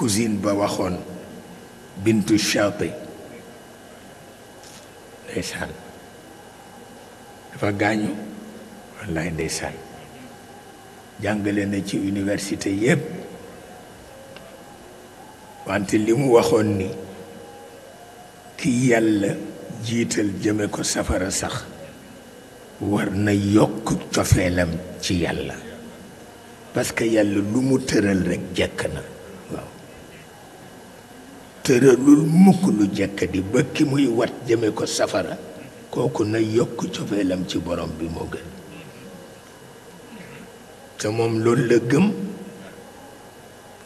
cousine ba waxoon bintu Shaati ndeysaan dafa gaañu wallaay ndeysaan jàngale na ci université yépp wante li mu waxoon ni ki yàlla jiital jëme ko safara sax war na yokk cofeelam ci yàlla parce que yàlla lu mu tëral rekk jekk na tëralul mukk lu jekk ba ki muy wat jëme ko safara kooku na yokk cofeelam ci borom bi moo gën te moom loolu la gëm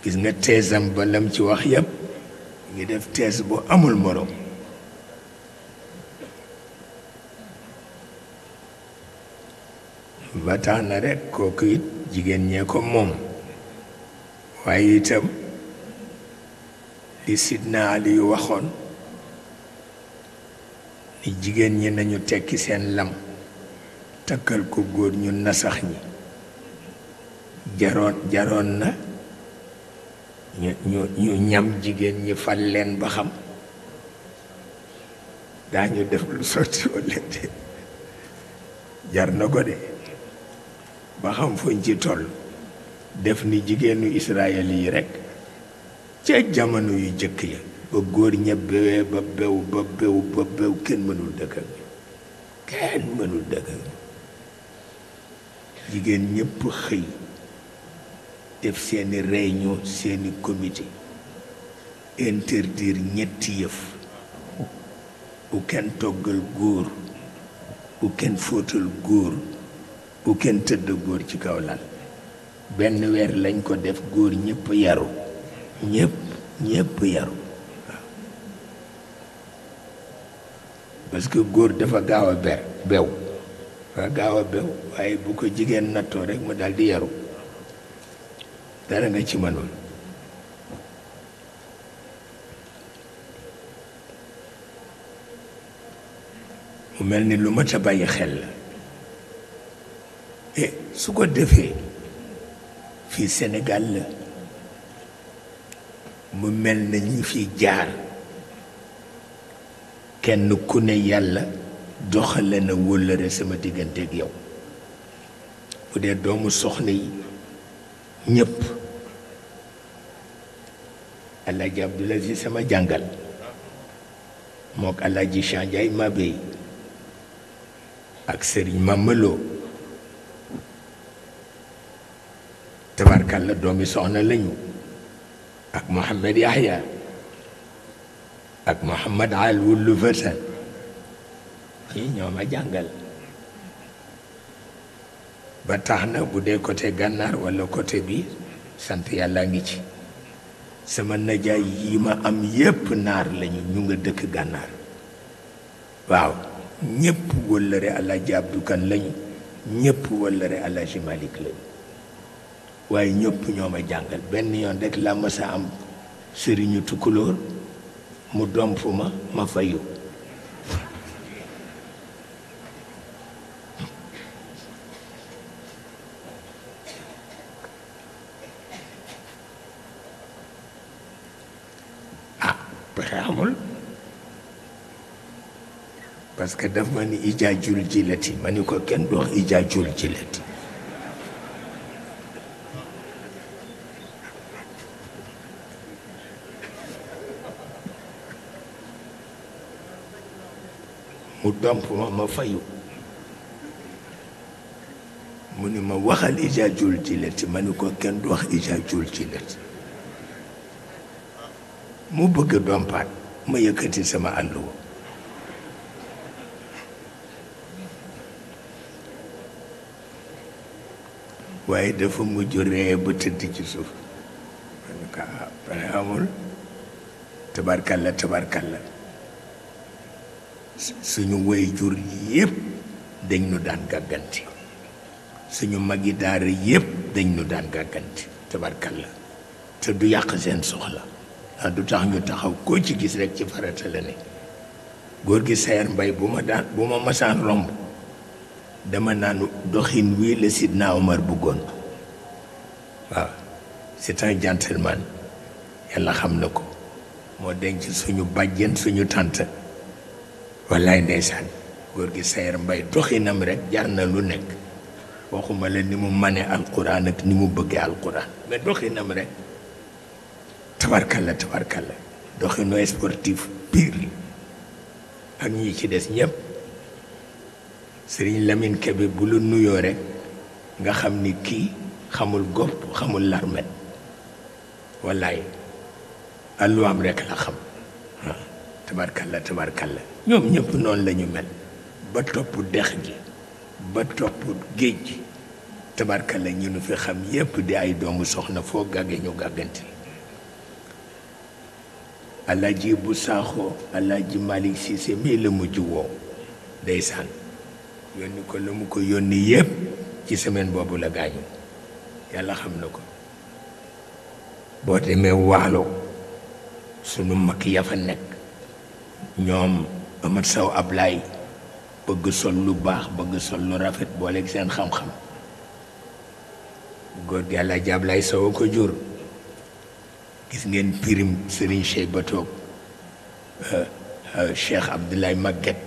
gis nga teesam ba ci wax yépp ngi def tees bu amul morom ba tax na rekk kooku it jigéen ñee ko moom waaye itam li sidna Ali waxoon ni jigéen ñi nañu tekki seen lam takkal ko góor ñu nasax ñi jaroon na ñu ñu ñam jigéen ñi fal leen ba xam daañu def lu sotti walla de jar na ko de ba xam fuñ ci toll def ni jigéenu Israël yi rekk ca jamono yu jëkk ya ba góor ña ba bew ba bew ba bew kenn mënul dëkk ak kenn mënul dëkk ak jigéen ñépp xëy def seeni réunion seeni comité interdire ñetti yëf bu kenn toggal góor bu kenn fóotal góor bu kenn tëdd góor ci kaw lal benn weer lañ ko def góor ñépp yaru ñépp ñëpp yaru waaw parce góor dafa gaaw a ber bew dafa gaaw a bew waaye bu ko jigéen nattoo rekk mu daal yaru dara nga ci mënul mu mel ni lu ma a bàyyi xel la e su ko defee fii Sénégal la mu mel na ñi fi jaar kenn ku ne yàlla doxale na wóllëre sama digganteeg yow bu dee doomu soxna yi ñépp alaaji Abdoulaye si sama jàngal mook alaaji Chandiaye Mabey ak sëriñ Mamaloo tabarkalla doomi soxna lañu ak Mouhamed Yahya ak Mouhamed al wullu fëta ñii ñoo ma jàngal ba tax na bu dee côté gànnaar walla côté bi sant yàlla ngi ci sama najaay yi ma am yépp naar lañu ñu nga dëkk gànnaar waaw ñépp wëllëre Alaaji Abdu Kan lañu ñépp wëllëre Alaaji Malik lañu waaye ñepp ñoma jangal ben benn yoon rek la ma sa am sëriñu tukkulóor mu dom fuma ma fayu ah paramul parce que daf ma ni ijaajul jilati maniko ken ko jilati mu domp ma ma fayu mu ni ma waxal ija jul jilati ma ni ko kenn du wax ija jul jilati mu bëgg dompaat ma yëkkati sama àll wo waaye dafa mujj ree ba ci suuf ma ni ko ah, amul tabarkalla tabarkalla suñu woy jur yépp dañ nu daan gàgganti suñu yi daar yépp dañ nu daan gàgganti la te du yàq seen soxla waa ah, du tax ñu taxaw koo ci gis rekk ci farata la ne góor gi sayer mbay bu ma daan bu ma masaan romb dama naan doxin wii la Sidna Omar bu waaw c'est un gentleman yàlla xam na ko moo denc suñu bàjjen suñu tànt wallaay ndeysaan góor gi Sayer Mbay doxinam rek jar na lu nekk waxuma la ni mu mane alquran ak ni mu bëggee alquran mais doxinam rek tabarkalla tabarkalla doxinu sportif pire ak ñi ci des ñëpp Sëriñ Lamine Kébé bu la nuyoo rek nga xam ni kii xamul gopp xamul larmet wallaay alluwaam rek la xam la tabarkalla la ñoom ñëpp noonu la ñu mel ba topp dex gi ba topp géej gi tabarkalla ñu nu fi xam yépp di ay doomu soxna foo gàgge ñu gàggante alaaji bu saaxoo alaaji Malick si mii la mujj woo ndeysaan yónni ko la mu ko yónni yépp ci semaine boobu la gaañu yàlla xam na ko boo demee waalo sunu mag ya fa nekk ñoom Amat Saw Ablaay bëgg sol lu baax bëgg sol lu rafet booleeg seen xam-xam góor gi yàlla jàblaay saw ko jur gis ngeen pirim Serigne Cheikh Batoog euh, euh, Cheikh Abdoulaye Maguette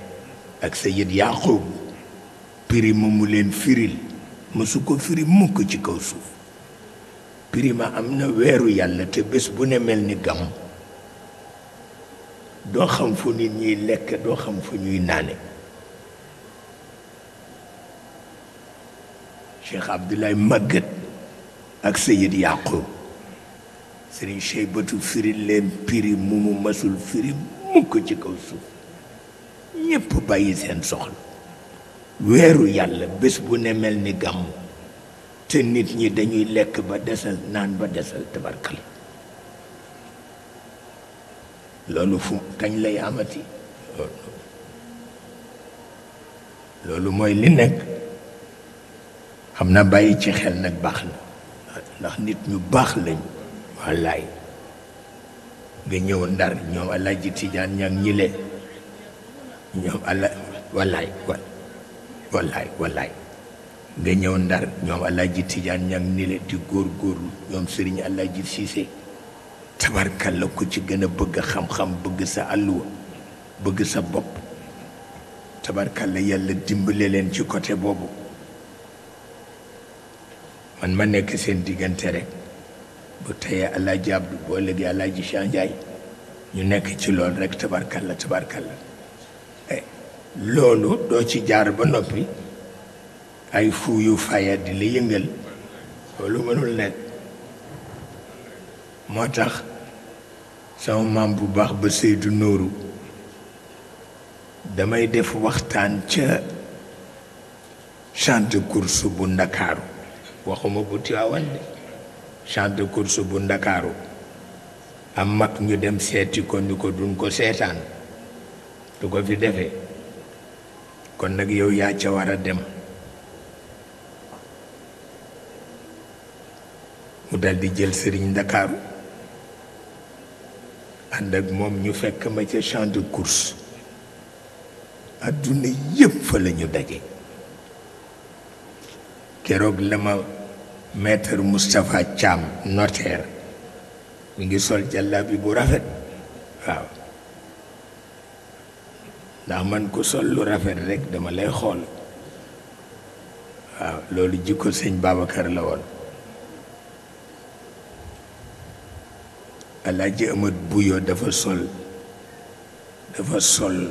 ak Sayid Yaqub pirim mu leen firil mësu ko firi mukk ci kaw suuf pirima am na weeru yàlla te bés bu ne mel ni gam doo xam fu nit ñiy lekk doo xam fu ñuy naane Cheikh Abdoulaye Maguette ak Seyid Yaqub Serigne Cheikh Batu firi leen piri mu mu masul firi mukk ci kaw suuf ñépp bàyyi seen soxla weeru yàlla bés bu ne mel ni gàmmu te nit ñi dañuy lekk ba desal naan ba desal tabarkal loolu fu kañ lay amati loolu mooy li nekk xam na bàyyi ci xel nag baax na ndax nit ñu baax lañ wallaay nga ñëw ndar ñoom Alaaji Tijaan ñag ñile ñoom ala wallaay wallaay wallaay nga ñëw ndar ñoom Alaaji Tijaan ñag ñile di góor góorlu ñoom Sëriñ Alaaji Siise tabarkal la ku ci gën a bëgg xam-xam bëgg sa àlluwa bëgg sa bopp tabarkal la yàlla dimbale leen ci côté boobu man ma nekk seen diggante rek bu teyee alaaji Abdu boo léegi alaaji Chanjaay ñu nekk ci loolu rek tabarkal la tabarkal la e, loolu doo ci jaar ba noppi ay fuu yu faya di yëngal loolu mënul nekk moo tax sama maam bu baax ba Seydou Nooru damay def waxtaan ca champ de course bu Ndakaaru waxuma bu Tiwaawan de champ course bu Ndakaaru am mag ñu dem seeti ko ni ko duñ ko seetaan du ko fi defee kon nag yow yaa ca war a dem mu dal di jël sëriñ Ndakaaru ànd ak moom ñu fekk ma ca champ de course adduna yëpp fa la ñu daje keroog la ma maître Moustapha Thiam notaire mi ngi sol jàllaabi bu rafet waaw ndax man ko sol lu rafet rekk dama lay xool waaw loolu jikko sëñ Babacar la woon alaaji amat buyo dafa sol dafa sol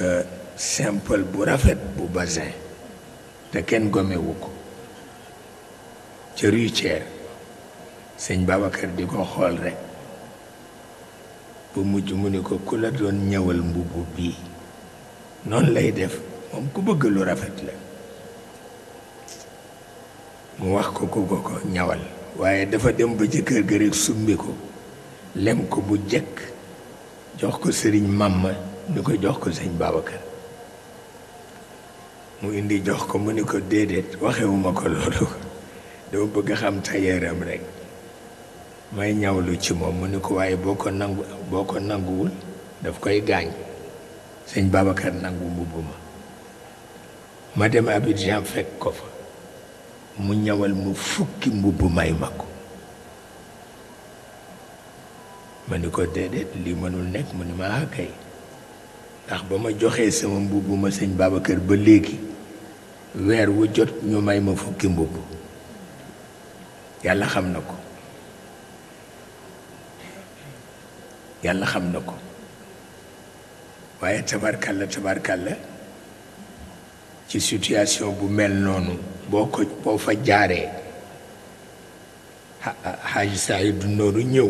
euh, simple bu rafet bu basin te kenn gomewu ko ca rue Thiers sëñ Babacar di ko xool rekk bu mujj mu ni ko ku la doon ñëwal mbubb bii noonu lay def moom ku bëgg lu rafet la mu wax ko ku ko ko ñawal waaye dafa dem ba ci kër ga rek summi ko lem ko bu jëkk jox ko sëriñ màmma ni ko jox ko sëñ Babacar mu indi jox ko mu ni ko déedéet waxewuma ko loolu dama bëgg xam tayeeram rek may ñawlu ci moom mu ni ko waaye boo ko nangu boo ko nanguwul daf koy gaañ sëñ Babacar nangu mbubb ma ma dem Abidjan fekk ko fa mu ñawal mu fukki mbubb may ma ko ma ni ko déedéet lii mënul nekk mu ni ma ah kay ndax ba ma joxee sama mbubb ma sëñ Babacar ba léegi weer wu jot ñu may ma fukki mbubb yàlla xam na ko yàlla xam na ko waaye tabarkalla tabarkalla ci situation bu mel noonu boo ko boo fa jaaree xaaji Saydu Nooru ñëw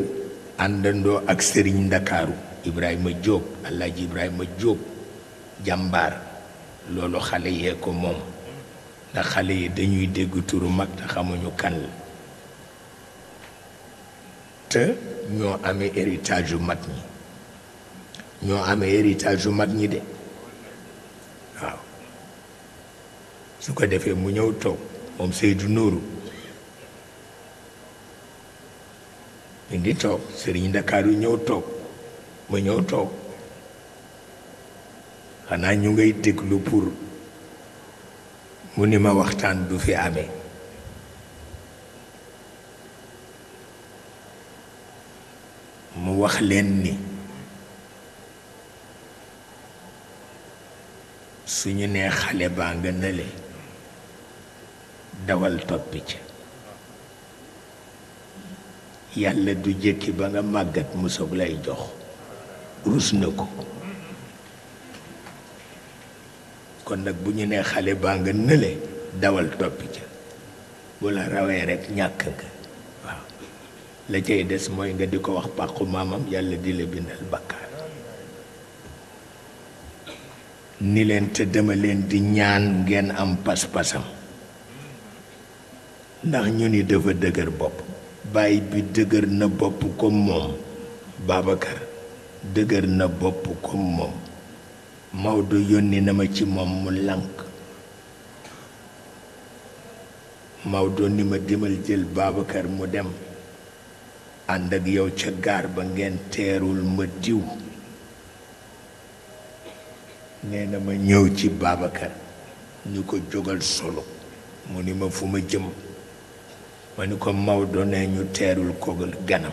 àndandoo ak sëriñ ndakaaru Ibrahima Jóob Alaaji Ibrahima Jóob jàmbaar loolu xale yee ko moom ndax xale yi dañuy dégg turu mag te xamuñu kan la te ñoo amee héritage yu mag ñi ñoo amee héritage yu mag ñi de su ko defee mu ñëw toog moom Seydou Nourou mi ngi toog Serigne Ndakaaru ñëw toog mu ñëw toog xanaa ñu ngay déglu pour mu ni ma waxtaan du fi ame mu wax leen ni suñu nee xale baa nga nële dawal toppi ca yàlla du jëkki ba nga màggat mu soog lay jox rus na ko kon nag bu ñu nee xale baa nga nële dawal toppi ca bu la rawee rekk ñàkk nga la cay des mooy nga di ko wax pàqu maamam yàlla di la bindal ni leen te dama leen di ñaan ngeen am pas-pasam ndax ñu ni dafa dëgër bopp baay bi dëgër na bopp comme moom Babacar dëgër na bopp comme moom Maodo yónni na ma ci moom mu lànk Maodo ni ma dimal jël Babacar mu dem ànd ak yow ca gaar ba ngeen teerul ma diw nee na ma ñëw ci Babacar ñu ko jógal solo mu ni ma fu ma jëm ma ni ko Maodo ne ñu teerul ko ganam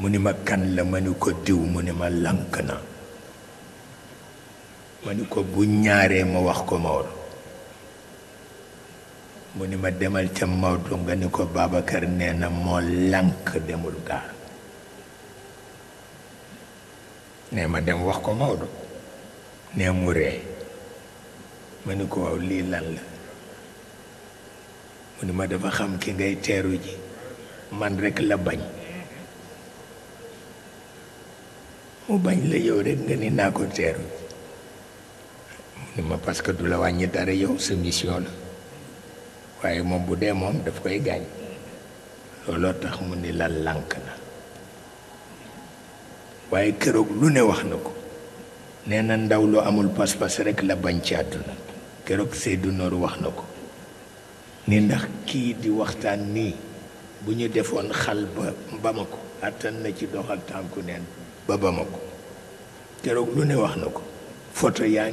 mu ni ma kan la ma ni ko diw mu ni ma lank na ma ni ko bu ñaaree ma wax ko Maodo mu ni ma demal ca Maodo nga ni ko Babacar nee na moo lank demul gaar nee ma dem wax ko Maodo nee mu ree ma ni ko waaw lii lan la mu ni ma dafa xam ki ngay teeru ji man rekk la bañ mu bañ la yow rekk nga ni naa ko teeru mu ni ma parce que du la wàññi dara yow sa mission waaye moom bu dee moom dafa koy gaañ looloo tax mu ni la lànk na waaye keroog lu ne wax na ko nee na ndaw lu amul pas-pas rekk la bañ ci àdduna keroog Seydou Nour wax na ko ni ndax kii di waxtaan nii bu ñu defoon xal ba Bamako àttan na ci doxal tànku neen ba Bamako keroog ne wax na ko photo yaa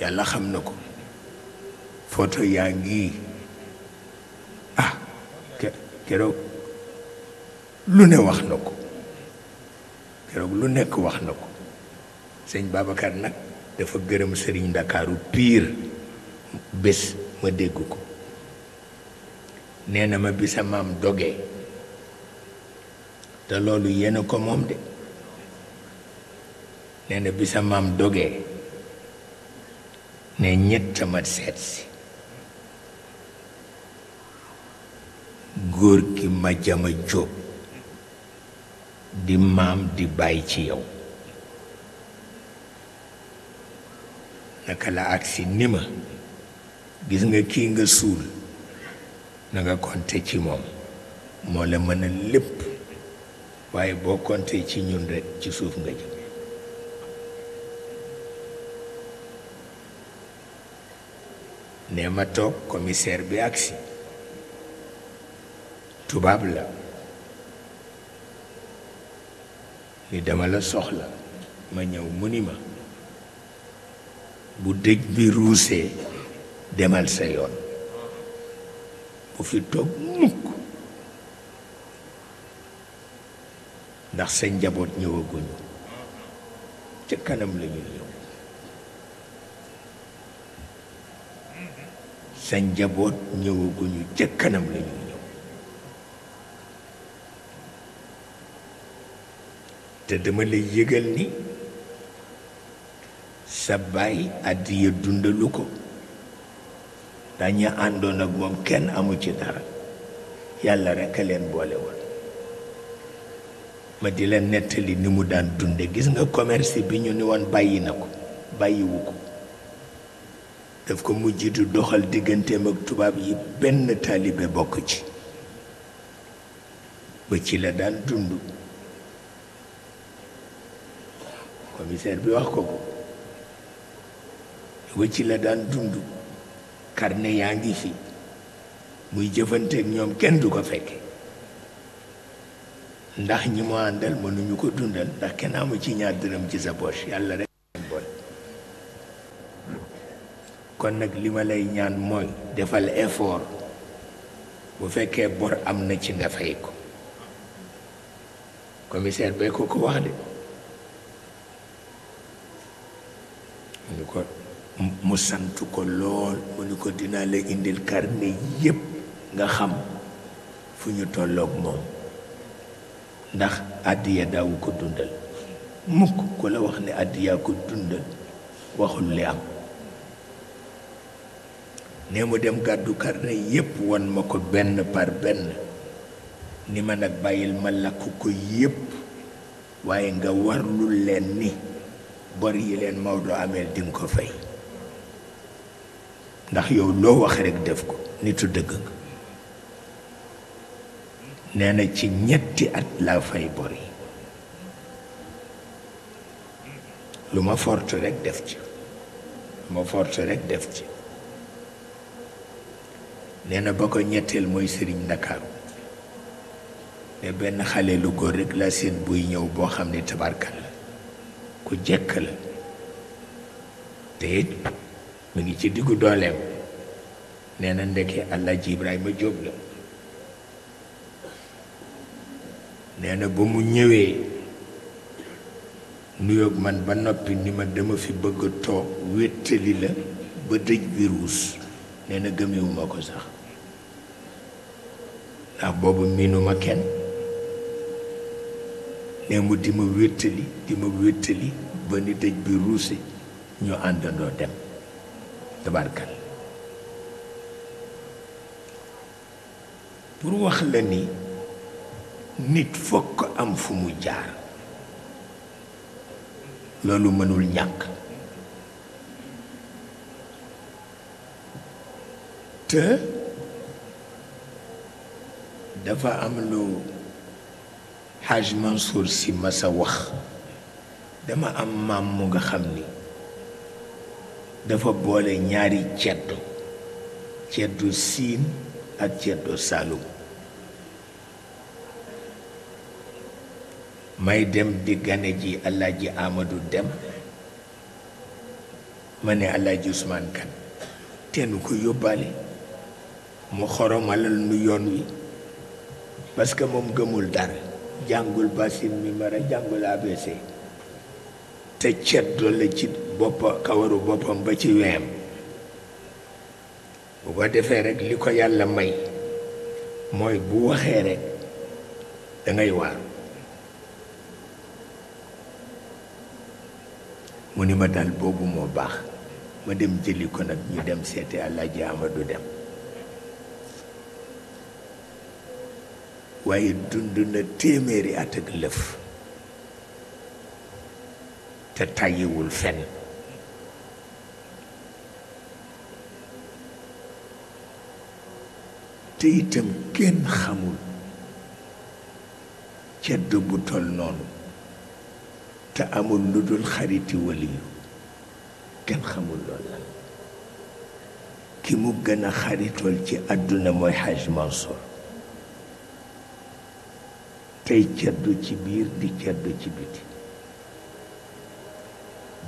yàlla xam na ko photo yaa ngi ah keroog lu ne wax na ko keroog lu nekk wax na ko sëñ Babacar nag dafa gërëm sëriñ ndakaaru pire bés ma dégg ko nee na ma bi maam dogee te loolu yéen ko moom de nee na bi sa maam dogee ne ñett ma seet góor gi ma jama jóob di maam di bàyyi ci yow naka la agsi ni ma gis nga kii nga suul na nga konte ci moom moo la mën a lépp waaye boo konte ci ñun rekk ci suuf nga jëm nee ma toog komiseer bi agsi tubaab la ni dama la soxla ma ñëw mu ni ma bu dëj bi ruusee demal sa yoon bu fi toog mukk ndax sa njaboot ñëwaguñu ca kanam la ñu njaboot ñëwaguñu ca kanam la ñu te dama lay yëgal ni sa baay addiya dundalu ko dañu àndoon ak moom kenn amu ci dara yàlla rekk a leen boole woon ma di la nettali ni mu daan dunde gis nga commerce bi ñu ni woon bàyyi na ko bàyyiwu ko daf ko mujj du doxal digganteem ak tubaab yi benn taalibe bokk ci ba ci la daan dund commissaire bi wax ko ko ba ci la daan dund karne yaa ngi fi muy jëfanteek ñoom kenn du ko fekke ndax ñi mu àndal mënuñu ko dundal ndax kenn amu ci ñaar dërëm ci sa poche yàlla rek kon nag lima lay ñaan mooy defal effort bu fekkee bor am na ci nga fay ko commissaire bay wax de sant ko lool mu ni ko dinaa la indil carnet yépp nga xam fu ñu tollook moom ndax àddiya daawu ko dundal mukk ku la wax ne àddiyaa ko dundal waxul li am ne mu dem gàddu karne yépp wan ma ko benn par benn ni ma nag bàyyil ma lakk ko yépp waaye nga warlul leen ni bor yi leen Maodo ameel dinga ko fay ndax yow loo wax rekk def ko nitu dëgg nga nee ci ñetti at laa fay bor yi lu ma fort rekk def ci lu ma fort rekk def ci nee na ba ko ñetteel mooy sëriñ Ndakaaru ne benn xale lu góor rekk la seen buy ñëw boo xam ne tabarkal la ku jekk la te mu ngi ci diggu dooleem nee na ndeke Alaaji Ibrahima Jóob la nee na ba mu ñëwee nuyoog man ba noppi ni ma dama fi bëgg a toog wéttali la ba dëj bi ruus nee na gëmewuma ko sax ndax boobu miinuma kenn nee mu di ma wéttali di ma wéttali ba ni dëj bi ruuse ñu àndandoo dem tabarka pour wax la ni nit fokk am fu mu jaar loolu mënul ñàkk te dafa am lu Haj Mansour si masa wax dama am maam mu nga xam ni dafa boole ñaari ceddo ceddo siin ak ceddo saalum may dem di gane ji alaaji Amadou Dem ma ne alaaji Ousmane Kan te nu ko yóbbaale mu xoromalal nu yoon wi parce que moom gëmul dara jàngul basin mi mara jàngul ABC te ceddo la ci boppa kawaru boppam ba ci weyam bu ko defee rekk li ko yàlla may mooy bu waxee rekk dangay waar mu ni ma daal boobu moo baax ma dem jëli ko nag ñu dem seete Alaaji du Dem waaye dund na téeméeri at ak lëf te tàyyiwul fenn te itam kenn xamul cedd bu tol noonu te amul lu dul xariti waliyu kenn xamul loolu la ki mu gën a xaritool ci àdduna mooy Haj Mansour tey ceddu ci biir di ceddu ci biti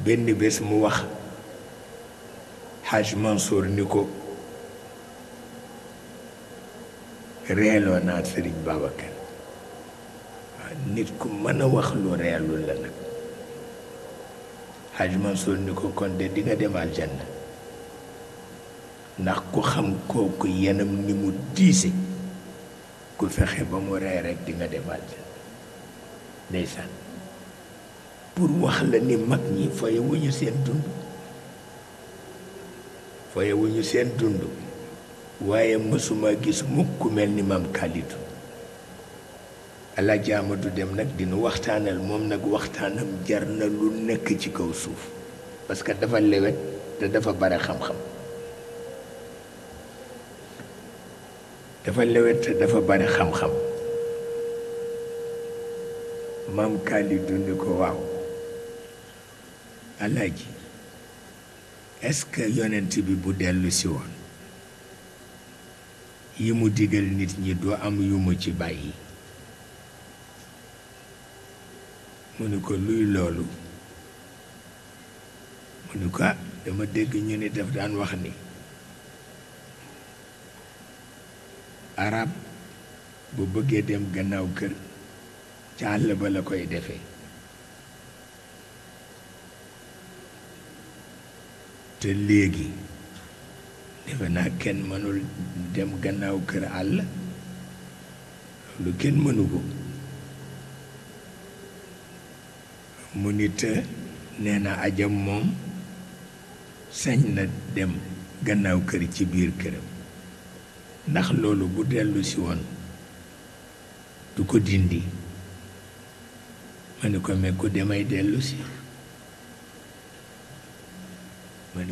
benn bés mu wax Haj Mansour ni ko reeloo naa Sëriñ Babacar waaw nit ku mën a wax lu reelul la nag Hadj Mansour ni ko kon de di nga dem aljanna ndax ku xam kooku yenam ni mu diise ku fexe ba mu ree rek di nga dem aljanna ndeysaan pour wax la ni mag ñi foye wu seen dund foye wu seen dund waaye mësuma gis mukk mel ni maam Kalidou Alaaji Amadu Dem nag dinu waxtaanal moom nag waxtaanam jar na lu nekk ci kaw suuf parce que dafa lewet te dafa bare xam-xam dafa lewet te maam Kalidou ni ko waaw Alaaji est-ce que yonent bi bu dellu woon yi mu digal nit ñi du am yu ci bàyyi mu ni ko luy loolu mu ni ko ah, dama dégg ñu ni daf daan wax ni arab bu bëggee dem gannaaw kër ca àll ba la koy defe te léegi defe naa kenn mënul dem gannaaw kër àll loolu kenn mënu ko mu nit nee na ajam moom sañ na dem gannaaw kër ci biir këram ndax loolu bu dellusi woon du ko dindi ma ni ko mais ku demay dellu si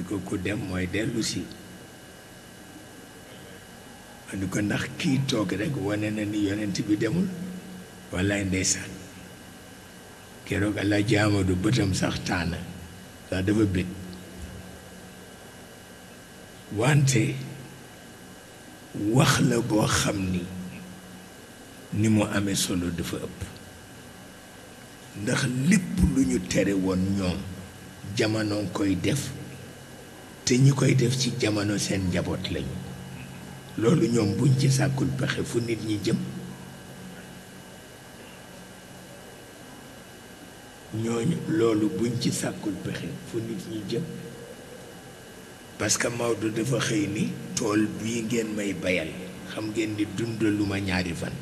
ko ku dem mooy dellu ma ni ko ndax kii toog rek wane na ni yonent bi demul wallaay ndeysaan keroog allah jaamadu bëtam sax taana ndax dafa bég wante wax la boo xam ni ni mu amee solo dafa ëpp ndax lépp lu ñu tere woon ñoom jamono koy def te ñi koy def ci jamono seen njaboot lañu loolu ñoom buñ ci sàkkul pexe fu nit ñi jëm ñooñu loolu buñ ci sàkkul pexe fu nit ñi jëm parce que Maodo dafa xëy ni tool bii ngeen may bayal xam ngeen ni dundaluma ñaari fan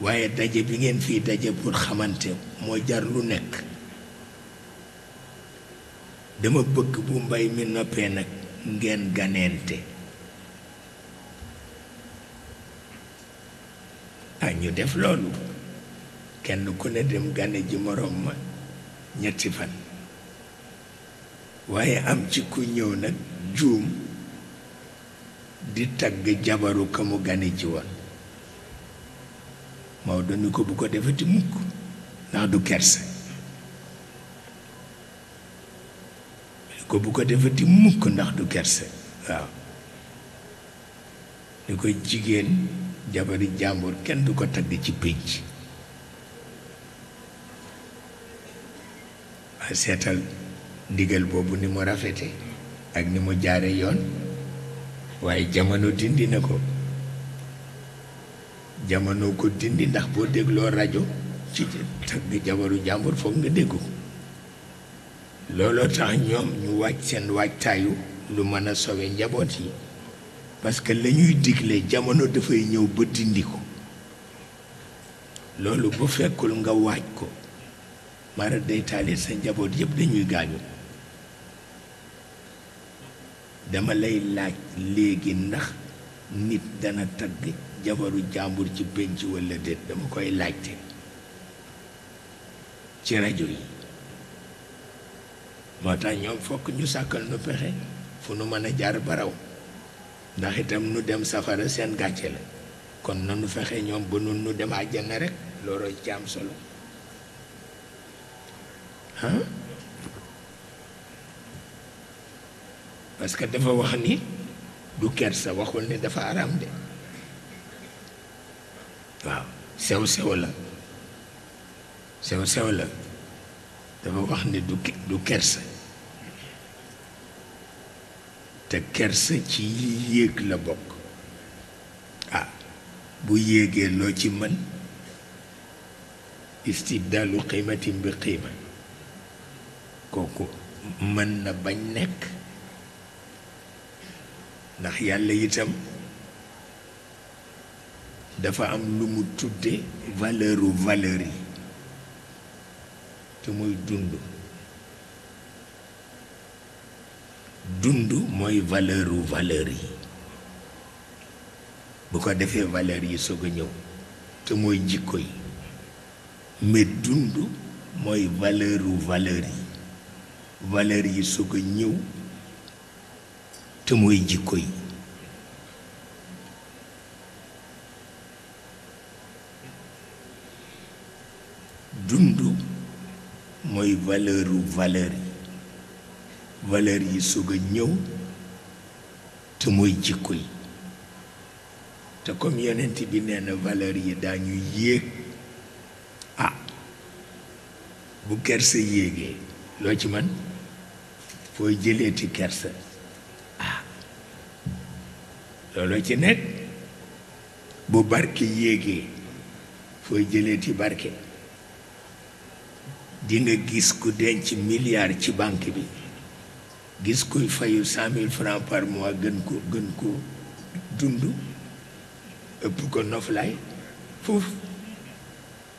waaye daje bi ngeen fii daje pour xamante moo jar lu nekk dama bëgg bu mbay mi noppee nag ngeen ganeente a ah, ñu def loolu kenn ku ne dem gane ji moroom ma ñetti fan waaye am ci ku ñëw nag juum di tagg jabaru ka mu gane ji moo Maodo ni ko bu ko defati mukk ndax du kerse ko bu ko defati mukk ndax du kerse waaw ni ko jigéen jabaru jàmbur kenn du ko tagg ci pénc waaye seetal ndigal boobu ni mu rafete ak ni mu jaare yoon waaye jamono dindi na ko jamono ko dindi ndax boo dégloo rajo ci tagg jabaru jàmbur foog nga dégg looloo tax ñoom ñu wàcc seen waajtaayu lu mën a sowe njaboot yi parce que la digle jamono dafay ñëw ba dindi ko loolu bu fekkul nga waaj ko mara day sa njaboot yëpp dañuy gaañu dama lay laaj léegi ndax nit dana tagg jabaru jàmbur ci pénc walla déet dama koy laajte ci rajo yi moo tax ñoom fokk ñu sàkkal nu pexe fu nu mën a jaar baraw ndax itam nu dem safara seen gàcce la kon nanu fexe ñoom ba nun nu dem àjjana rek looloo ci am solo ah parce que dafa wax ni du kersa waxul ni dafa araam de waaw sew sew la sew sew la dafa wax ni du du kersa te kersa ci yéeg la bokk ah bu yéegee loo ci mën istibdaalu qiimatin bi qiima kooku mën na bañ nekk ndax yàlla itam dafa am lu mu tudde valeuru valeur yi te muy dund dund mooy valeuru valeur yi bu ko defee valeur yi soog a ñëw te mooy jikko yi mais dund mooy valeuru valeur yi valeur yi soog a ñëw te mooy jikko yi dund mooy valeuru valeur yi valeur yi sug a ñëw te mooy jikko yi te comme yenent bi nee na valeur yi dañuy yéeg ah bu kersa yéegee loo ci man fooy jëleeti kersa ah looloo ci nekk bu barke yéegee fooy jëleeti barki di gis ku denc milliard ci banque bi gis kuy fayu cent mille francs par mois gën ko gën ko dund ëpp ko noflaay foofu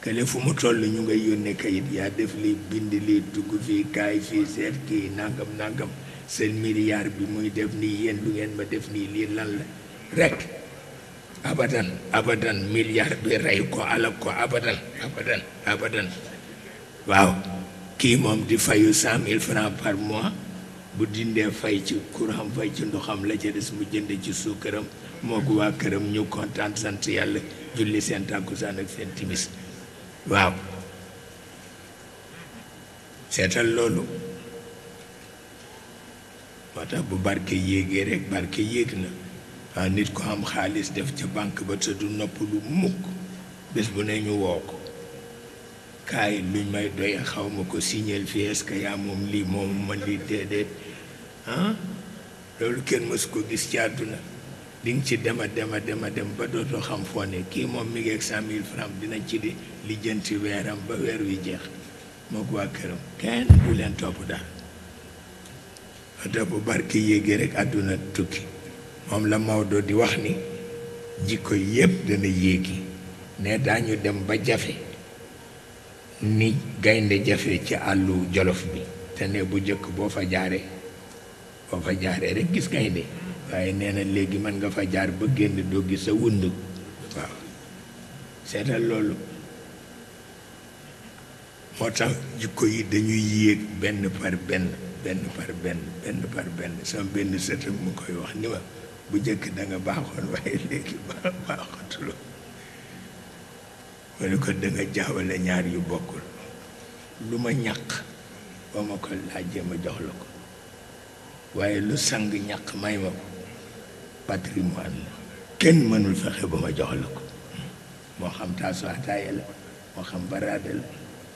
kële fu mu toll ñu ngay yónnee kayit yaa def li bind li dugg fii kaay fii seet kii nangam nangam seen milliard bi muy def nii yéen lu ngeen ma def nii lii lan la rek abadan abadan milliard bi rey ko alak ko abadan abadan abadan waaw kii moom di fayu cent mille francs par mois bu dindee fay ci courant fay ci ndoxam la ca des mu jënd ci suukaram moo ko waa këram ñu kontaan sant yàlla julli seen tàkkusaan ak seen timis waaw seetal loolu moo tax bu barke yéegee rek barke yéeg na waaw nit ko am xaalis def ca banque ba te nopp lu mukk bés bu ne ñu woo ko kaay luñ may doy xaw ma ko signal fii est yaa moom lii moom man lii déedéet ah loolu kenn mësu ko gis ci àdduna di nga ci dema dema dema dem ba dootoo xam foo kii moom mi ngi ak cent mille francs dina ci di lijjanti weeram ba weer wi jeex moo ko waa këram kenn du leen topp daal topp barke yéegi rek àdduna tukki moom la Maodo di wax ni jikko yépp dana yéegi ne daañu dem ba jafe ni gaynde jafe ci àllu jolof bi te ne bu jëkk boo fa jaaree boo fa jaaree rek gis gaynde waaye nee na léegi mën nga fa jaar ba génn doo gis sa wund waaw seetal loolu moo tax jukko yi dañuy yéeg benn par benn benn par benn benn par benn sama benn sëtam mu koy wax ni ma bu jëkk da nga baaxoon waaye léegi baaxatuloo ma ko danga jaawale ñaar yu bokkul lu ma ñaq ba ma ko laajee ma jox la ko waaye lu sang ñàq may ma ko patrimoine la kenn mënul fexe ba ma jox la ko moo xam taasu ataaya la moo xam baraada la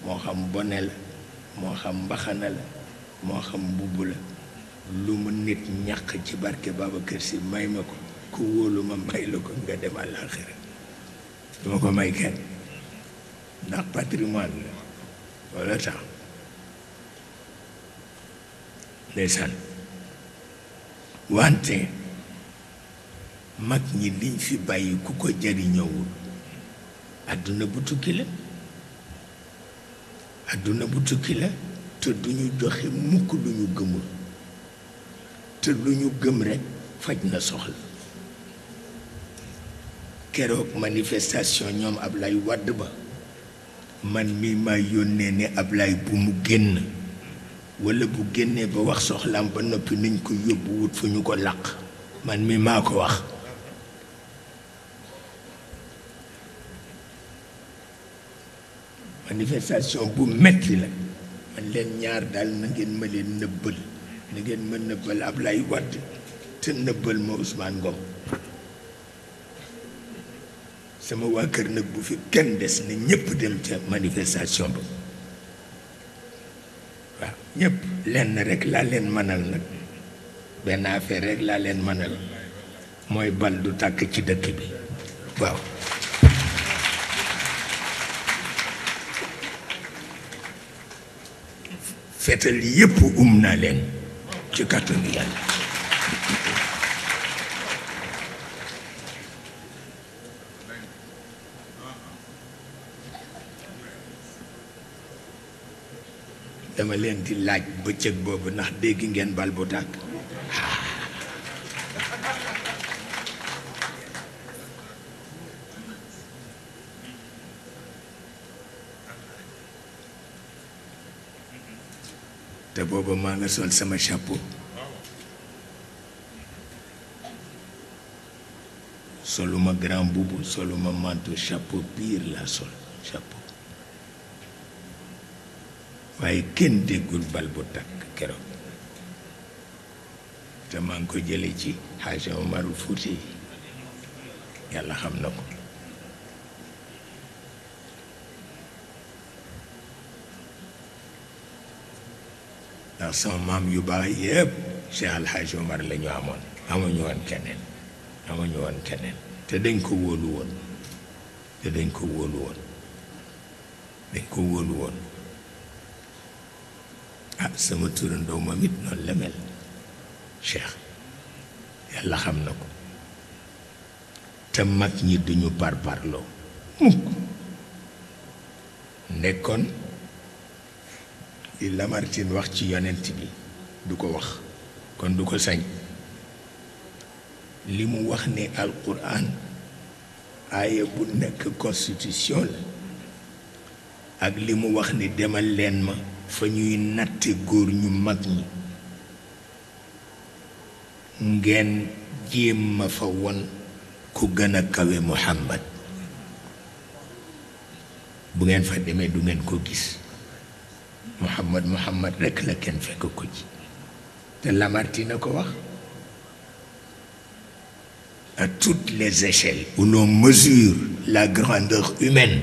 moo xam bone la moo xam mbaxana la moo xam mbubb la lu mu nit ñàq ci barke Babacar Sy may ma ko ku wóolu ma may la ko nga dem àllaaxira du ma ko may kenn ndax patrimoine la walla tax ndeysaan wante mag ñi liñ fi bàyyi ku ko jariñoowul àdduna bu tukki la àdduna bu tukki la te duñu joxe mukk lu ñu gëmul te lu ñu gëm rekk faj na soxla keroog manifestation ñoom Ablaye Wàdd ba man mi ma yónnee ne Ablaay bu mu génn walla bu génnee ba wax soxlaam ba noppi nuñ ko yóbbu wut fu ñu ko làq man mi maa ko wax manifestation bu metti la man leen ñaar daal na ngeen ma leen nëbbal na ngeen ma nëbbal Ablaay Wàdd te nëbbal ma Ousmane Ngom sama waa kër nag bu fi kenn des na ñëpp dem ca manifestation ba waaw ñëpp lenn rek laa leen mënal nag benn affaire rek laa leen mënal mooy bal du tàkk ci dëkk bi waaw fetal yëpp um naa leen ci kàttanu yàlla dama leen di laaj bëccëg boobu ndax dégg ngeen bal bu tàkk te booba maa nga sol sama chapeau soluma grand boubou soluma manteau chapeau biir la sol chapeau waaye kenn déggul bal bu takk keroog te maa ngi ko jële ci xaaja Omarul Fuuti yàlla xam na ko ndax sama maam yu baax yépp Cheikh Al Hadj Omar la ñu amoon amuñu woon keneen amuñu woon keneen te dañ ko wóolu te dañ ko wóolu dañ ko wóolu ah sama turandoo moom it noonu la mel cheikh yàlla xam na ko te mag ñi duñu parparloo mukk nekkoon li Lamartine wax ci yonent bi du ko wax kon du ko sañ li mu wax ne alquran aaya bu nekk constitution ak li mu wax ni demal leen ma fa ñuy natte góor ñu mag ñi ngeen jéem ma fa won ku gën a kawe Muhammad bu ngeen fa demee du ngeen ko gis Muhammad Muhammad rek la kenn fekk ko ci te martine ko wax à toutes les échelles où l'on mesure la grandeur humaine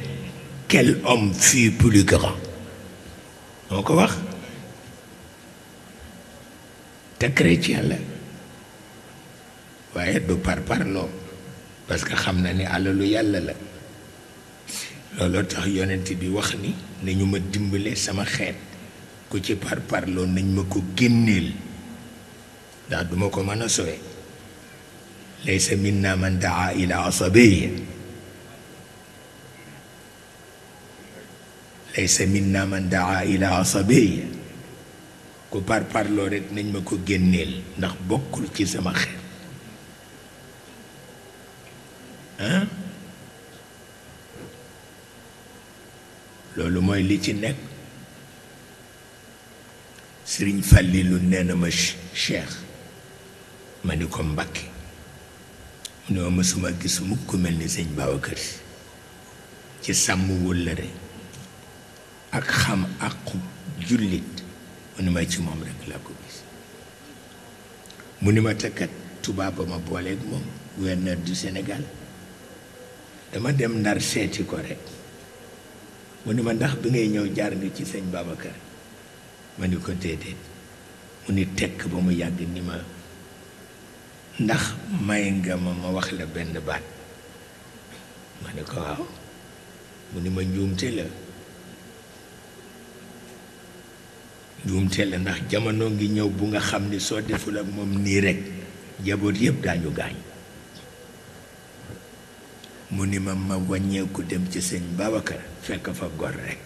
quel homme fut plus grand moo ko wax te ci la waaye du par parloo parce que xam na ni àllalu yàlla la looloo tax yonent bi wax ni nañu ma dimbale sama xeet ku ci par parloo nañ ma ko génneel ndax duma ko mën a sowe laysa minna man daa ila asabiyya ليس منا من دعا الى عصبية كو بار بار لو ريك نين ماكو генيل ناخ بوكول سي سما خير ها لولو موي لي سي نيك سيرين فالي لو نينا ما شيخ مانيكو مباكي نو ما سما گيس موكو ملني سيغ باوكر سي سامو ولا ري ak xam àqu jullit mu ni ma ci moom rek laa ko gis mu ni ma tekkat tubaab ba ma booleek moom gouverneur du Sénégal dama dem ndar seeti ko rek mu ni ma ndax bi ngay ñëw jaar nga ci sëñ Babacar ma ni ko déedéet mu ni tekk ba mu yàgg ni ma ndax may nga ma ma wax la benn baat ma ni ko waaw mu ni ma njuumte la njuumte la ndax jamono ngi ñëw bu nga xam ni soo deful ak moom nii rekk jaboot yépp daañu gaañ mu ni ma ma wàññeeku dem ci sëñ Babacar fekk fa gor rek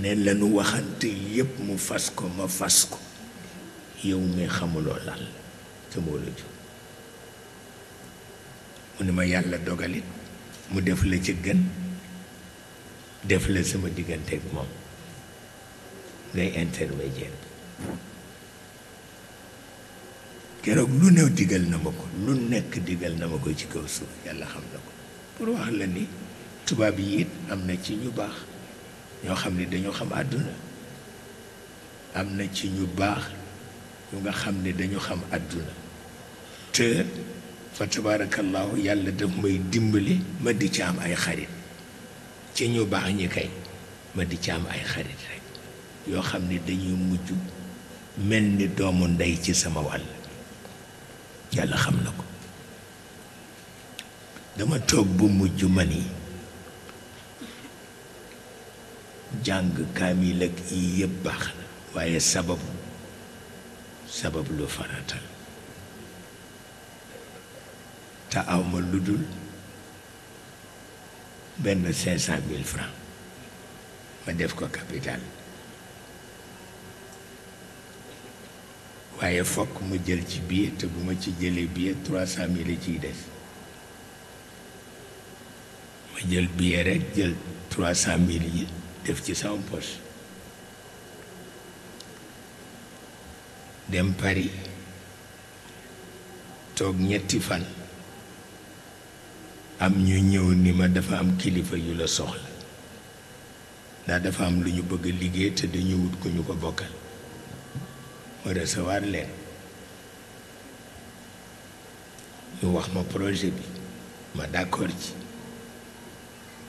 ne lanu waxante yépp mu fas ko ma fas ko yow mi xamuloo lan te moo la jur mu ni ma yàlla dogalit mu def la ci gën def la sama diggante ak moom ngay intermédiaire keroog lu new digal na ma ko lu nekk digal na ma ko ci kaw suuf yàlla xam na ko pour wax la ni tubaab yiit am na ci ñu baax ñoo xam ne dañoo xam àdduna am na ci ñu baax ñu nga xam ne dañu xam àdduna te fa tabaarakallaahu yàlla daf may dimbali ma di ci am ay xarit ci ñu baax ñi kay ma di ci am ay xarit yo xamni dañuy muccu melni doomu nday ci sama wal yàlla xamnako dama tok bu muccu mani jàng kamil ak yeb bax waye na sababu sabab lu farata ta awma lu dul benn cinq francs ma def ko capital waaye fokk mu jël ci biir te bu ma ci jëlee billet trois cent mille ciy des ma jël billet rek jël trois cent mille yi def ci sama poche dem Paris toog ñetti fan am ñu ñëw ni ma dafa am kilifa yu la soxla ndax dafa am lu ñu bëgg liggéey te dañu wut ku ñu ko bokkal ma recevoir ñu wax ma projet bi ma d'accord ci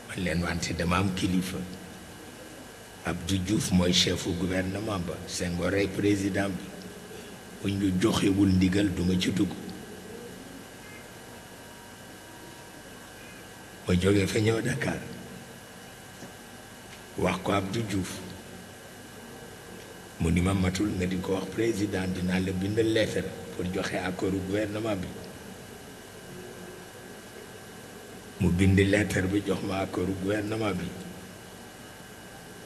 ma leen wante dama am kilifa Abdou Diouf mooy chefu gouvernement ba Senghor ay président bi bu ñu joxewul ndigal duma ci dugg ma jóge fa ñëw Dakar wax ko Abdou Diouf mu ni ma matul nga di ko wax président dina la bind lettre pour joxe accord gouvernement bi mu bind lettre bi jox ma accord gouvernement bi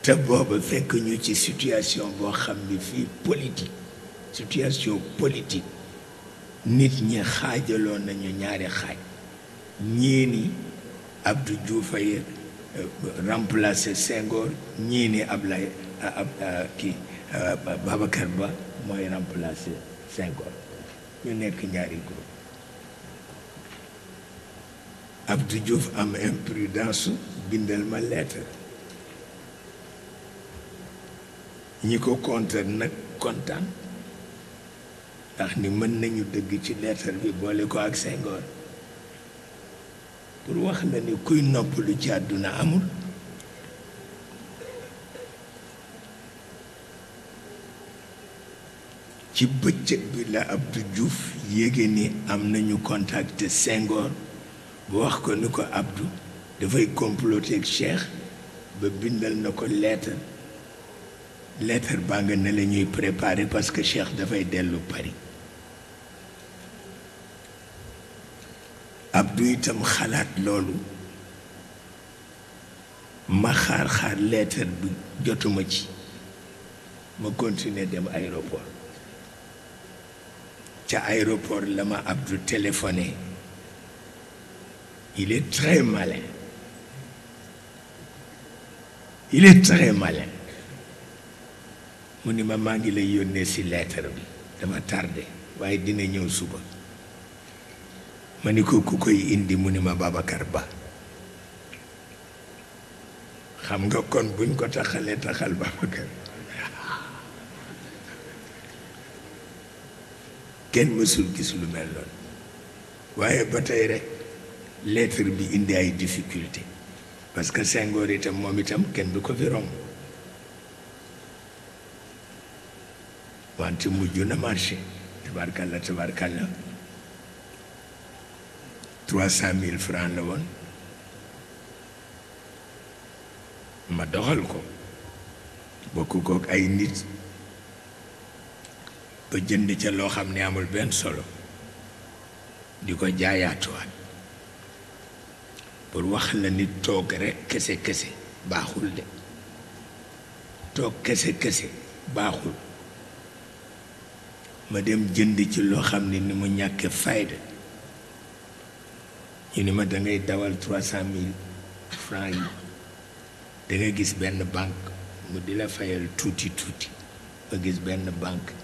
te booba fekk ñu ci situation boo xam ni fii politique situation politik nit ñi xaajaloon nañu ñaari xaaj ñii ni Abdou Diouf ay remplacer Senghor ñii ni Ablaye ab kii Euh, Babacar Ba mooy remplacé Senghor ñu nekk ñaari groupe Abdou Diouf am imprudence bindal ma lettre ñi ko contre nag kontaan ndax ni mën nañu dëgg ci lettre bi boole ko ak Senghor pour wax la ni kuy noppalu ci àdduna amul ci bëccëg bi la Abdou Diouf yéege ni am nañu contacté Senghor bu wax ko ni ko Abdou dafay comploter ak Cheikh ba bindal na ko lettre leetar baa nga ne la ñuy préparer parce que Cheikh dafay dellu Paris Abdou itam xalaat loolu ma xaar xaar lettre bi jotuma ci ma continuer dem aéroport ca aéroport la ma Abdou téléphoné il est très malin il est très malin mu ma maa ngi lay yónnee ci lettre bi dama tardé waaye dina ñëw suba ma ni ko ku koy indi mu ma Babacar Ba xam nga kon buñ ko taxalee taxal Babacar kenn mësul gis lu mel noonu waaye ba tey rek lettre bi indi ay difficulté parce que sengoor itam moom itam kenn du ko fi romb wante mujj na marché tabarkalla tabarkalla trois cent mille francs la woon ma doxal ko bokk kook ay nit ba jënd ca loo xam ne amul benn solo di ko jaayaatuwaat pour wax la nit toog rekk kese kese baaxul de toog kese kese baaxul ma dem jënd ci loo xam ne ni mu ñàkke fayda ñu ni ma dangay dawal trois cent mille francs yi danga gis benn banque mu di la fayal tuuti tuuti ma gis benn banque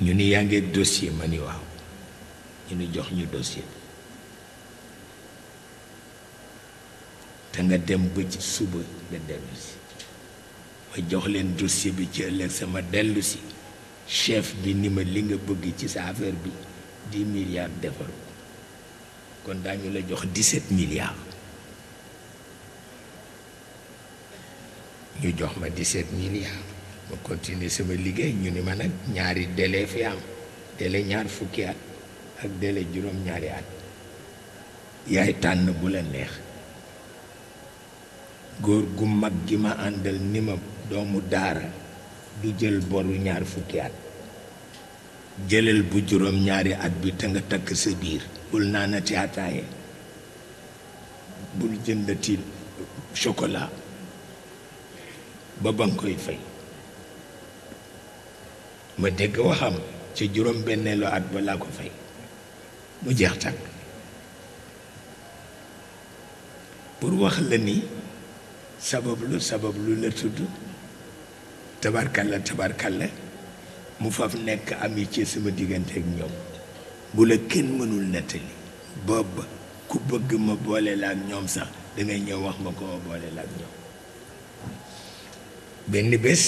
ñu ni yaa ngi dossier ma ni waaw ñu ni jox ñu dossier bi te nga dem ba ci suba nga dellu ma jox leen dossier bi ci ëllëg sama dellusi si chef bi ni ma li nga bëgg ci sa affaire bi di milliards defaru kon daañu la jox dix-sept milliards ñu jox ma dix-sept milliards ma continuer sama liggéey ñu ni ma nag ñaari délai fi am délai ñaar fukki at ak délai juróom-ñaari at yaay tànn bu la neex góor gu mag gi ma àndal ni ma doomu daara du jël boru ñaar fukki at jëlal bu juróom-ñaari at bi te nga takk sa biir bul naanati ataaye bul jëndati chocolat ba ba nga koy fay ma dégg waxam ca juróom benneelu at ba laa ko fay mu jeex tàkk pour wax la ni sabab lu sabab lu la tudd tabarkalla tabarkalla mu faf nekk ami ci sama diggante ak ñoom bu la kenn mënul nettali boobu ku bëgg ma boole la ak ñoom sax dangay ñëw wax ma ko ma boole la ak ñoom benn bés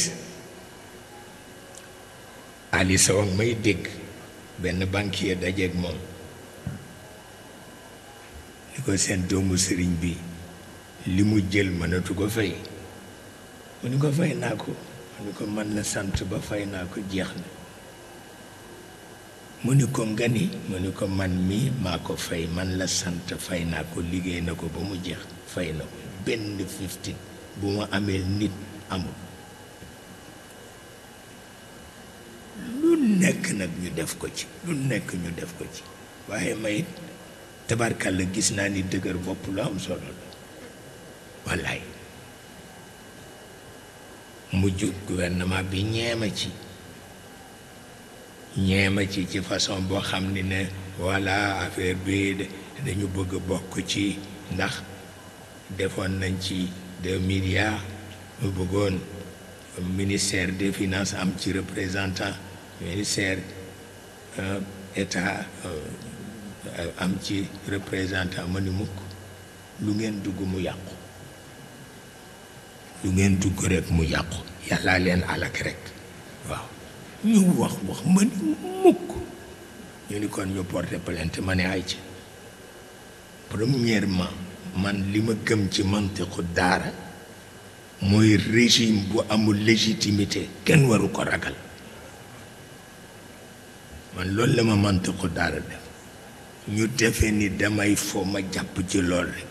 ali sawang may dégg benn banquier dajeeg moom li ko seen doomu sëriñ bi li mu jël mënatu ko fay mu ni ko fay naa ko mu ni ko man la sant ba fay naa ko jeex na mu ni ko nga ni mu ni ko man mii maa ko fay man la sant fay naa ko liggéey na ko ba mu jeex fay na ko benn fifteen bu ma amee nit amul lu nekk nag ñu def ko ci lu nekk ñu def ko ci waaye may tabarkàlla gis naa ni dëgër bopp lu am solo la wallaay mujj gouvernement bi ñeema ci ñeema ci ci façon boo xam ni ne voilà affaire bi dañu bëgg bokk ci ndax defoon nañ ci deux milliards mu bëggoon ministère des finance am ci représentant ministère uh, état uh, am ci représentant ma ni mukk lu ngeen dugg mu yàqu lu ngeen dugg rek mu yàqu yàllaa leen alak rek waaw ñu wax wax ma ni mukk ñu ni kon ñu porté plainte ma ne ay ci premièrement man li ma gëm ci mantiqu daara mooy régime bu amul légitimité kenn waru ko ragal man lol la ma ko dara def ñu defe ni damay fo ma jàpp ci lol rek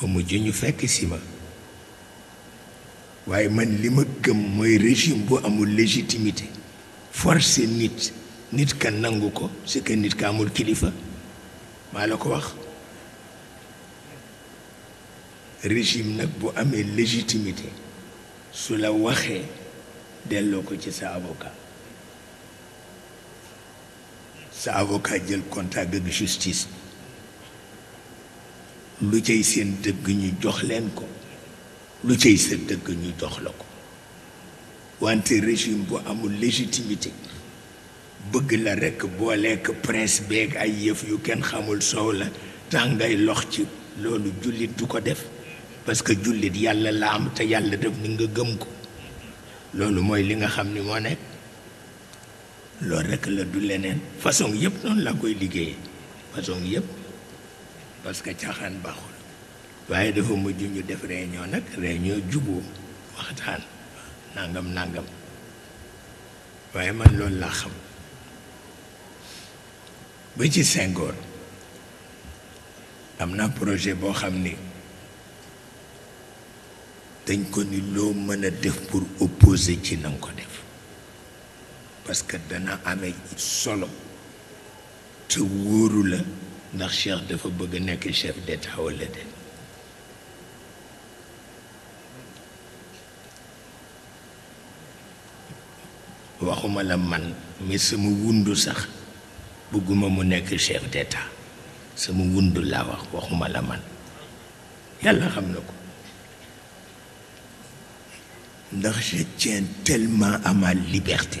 ba mu jëñu fekk ci ma waye man lima gëm moy régime bu amul légitimité forcé nit nit ka nangu ko c'est que nit ka amul kilifa maa la ko wax régime nak bu amé légitimité su la waxé delo ko ci sa avocat sa avocat jël contact ak justice lu cay seen dëgg ñu jox leen ko lu cay seen dëgg ñu jox la ko wante régime bu amul légitimité bëgg la rekk boo lekk prince beeg ay yëf yu kenn xamul soow la tax ngay lox ci loolu jullit du ko def parce que jullit yàlla la am te yàlla def ni nga gëm ko loolu mooy li nga xam ni moo nekk loolu rek la du leneen façon yëpp noonu laa koy liggéeyee façon yëpp parce que caaxaan baaxul waaye dafa mujj ñu def ñoo nag réunion juboo waxtaan nangam nangam waaye man lool laa xam ba ci Senghor am na projet boo xam ni dañ ko ni loo mën a def pour opposer ci nanga ko def parce que dana ame solo te wóoru la ndax cheikh dafa bëgg nekk chef d'état wala déet waxuma la man mais sama wundu sax bëgguma mu nekk chef d'état sama wundu laa wax waxuma la man yàlla xam na ko ndax je tiens tellement à ma liberté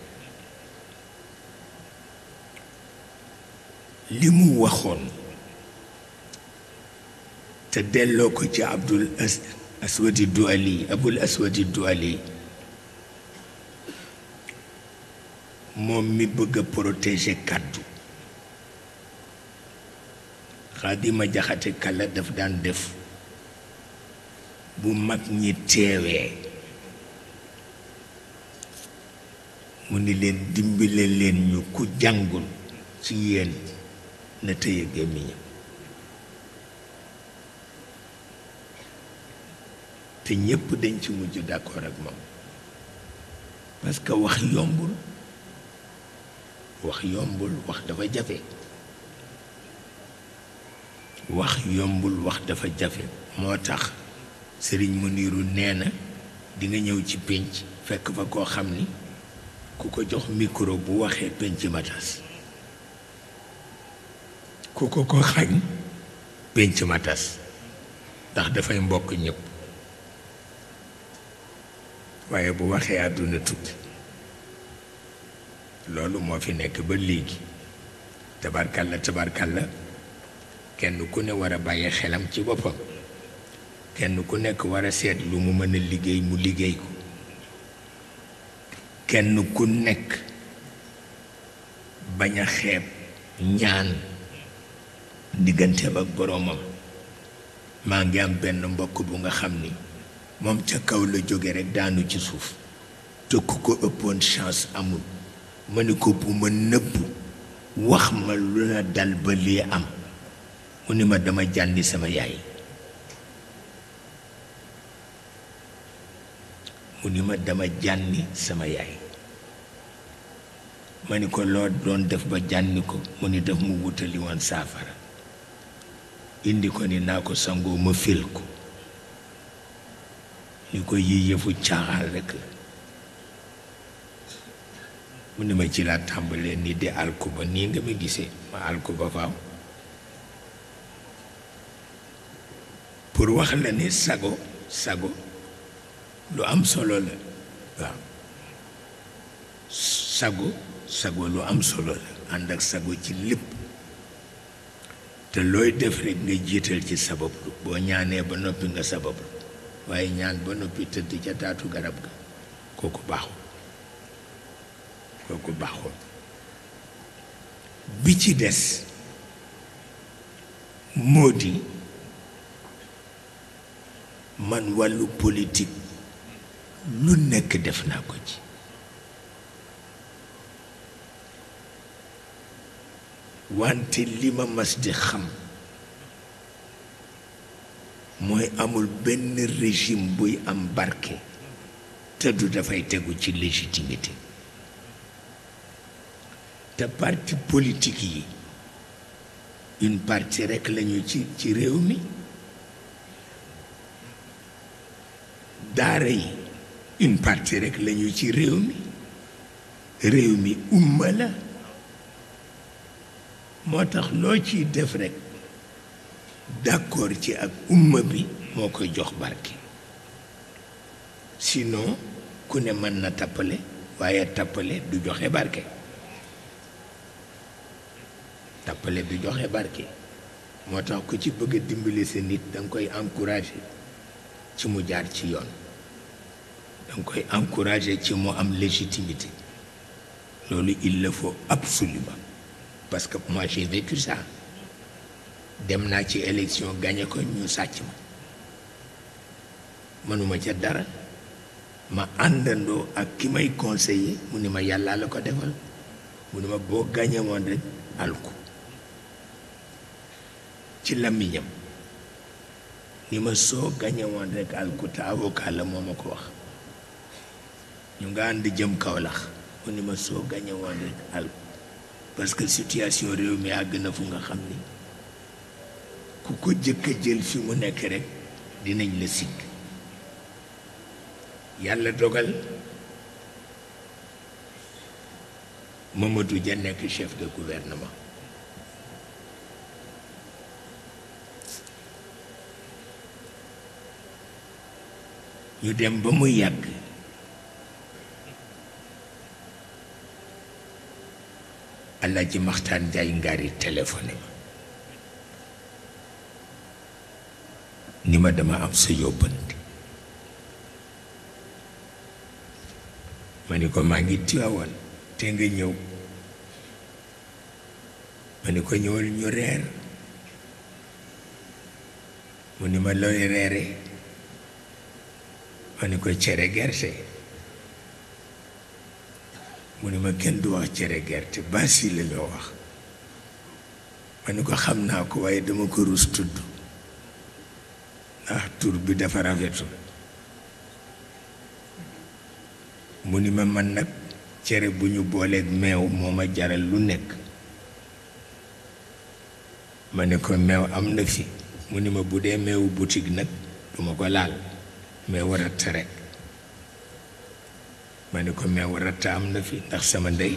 li mu waxoon te delloo ko ci abdul aswadi duali abul aswadi duali moom mi bëgga a protéger kàddu xaadima jaxate kala daf daan def bu mag ñi teewee mu ni leen dimbale leen ñu ku jàngul ci yéen na téye gémmiñam te ñépp dañ mujj d'accord ak moom parce que wax yombul wax yombul wax dafa jafe wax yombul wax dafa jafe moo tax sëriñ Muniru nee na di ñëw ci pinc fekk fa koo xam ni ku ko jox micro bu waxee pénc ma tas ku ko ko xañ pénc ma tas ndax dafay mbokk ñépp waaye bu waxee àdduna tukki loolu moo fi nekk ba léegi tabarkalla la kenn ku ne war a bàyyi xelam ci boppam kenn ku nekk war a seet lu mu mën liggéey mu liggéey ko kenn ku nekk bañ a ñaan digganteem ak boroomam maa ngi am benn mbokk bu nga xam ni moom ca kaw la jóge rekk daanu ci suuf te ko ëppoon chance amul ma ni ko bu ma nëbb wax ma lu la dal ba lii am mu ni ma dama jànni sama yaay mu ni ma dama jànni sama yaay ma ni ko loo doon def ba jànni ko mu ni def mu wutali woon saafara indi ko ni naa ko sangoo ma fil ko ni ko yii yëfu caaxaan rekk la mu ne ma ci laa tàmbalee ni di alkuba nii nga ma gisee ma alkuba faaw pour wax la ne sago sago lu am solo la sago sago lu am solo la ànd ak sago ci lépp te looy def rek nga jiital ci sabablu boo ñaanee ba noppi nga sabablu waaye ñaan ba noppi tëdd ca taatu garab ga ko baaxul kooku baaxul bi ci des moo di man wàllu politique lu nekk def naa ko ci wante li ma mas di xam mooy amul benn régime buy am barke te dafay tegu ci légitimité te parti politique yi une partie rekk lañu ci ci réew mi daara yi une partie rekk lañu ci réew mi réew mi umma la moo tax loo ciy def rek d'accord ci ak umma bi moo koy jox barke sinon ku ne mën na tappale waaye tappale du joxe barke tappale du joxe barke moo tax ku ci bëgg dimbali sa nit danga koy encouragé ci mu jaar ci yoon danga koy encouragé ci mu am légitimité loolu il ab faut absolument parce que moi j'ai dem naa ci élection gagné ko ñu sàcc ma mënuma ca dara ma àndandoo ak ki may conseiller mu ni ma yàllaa la ko defal mu ni ma boo gagné rek alku ci làmmiñam ni ma soo gagné rek alku te avocat la moo ma ko wax ñu nga ànd jëm Kaolack mu ni ma soo gagné rek alku parce que situation réew mi àgg na fu nga xam ni ku ko jëkka jël fi mu nekk rek dinañ la sikk yàlla dogal Mamadou Dia nekk chef de gouvernement ñu dem ba mu yàgg Alaaji Maxtaan Njaay ngaari téléphoné ma ni ma dama am sa yóbbante ma ni ko maa ngi tiwaawan te nga ñëw ma ni ko ñëwal ñu reer mu ni ma looy reere ma ni ko cere gerte mu ne ma kenn du wax cere gerte basile loo wax ma ni ko xam naa ko waaye dama ko rus tudd ndax tur bi dafa rafetul mu ni ma man nag cere bu ñu booleeg meew moo ma jaral lu nekk ma ne ko meew am na fi mu ni ma bu dee meewu boutique nag duma ko laal meew war a rek ma ne ko meew ratta am na fi ndax sama ndey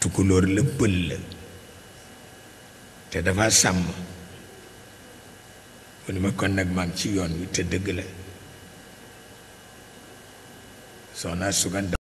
tukulóor la pël la te dafa sàmm mu ni ma kon nag maa ci yoon wi te dëgg la soxna Suganda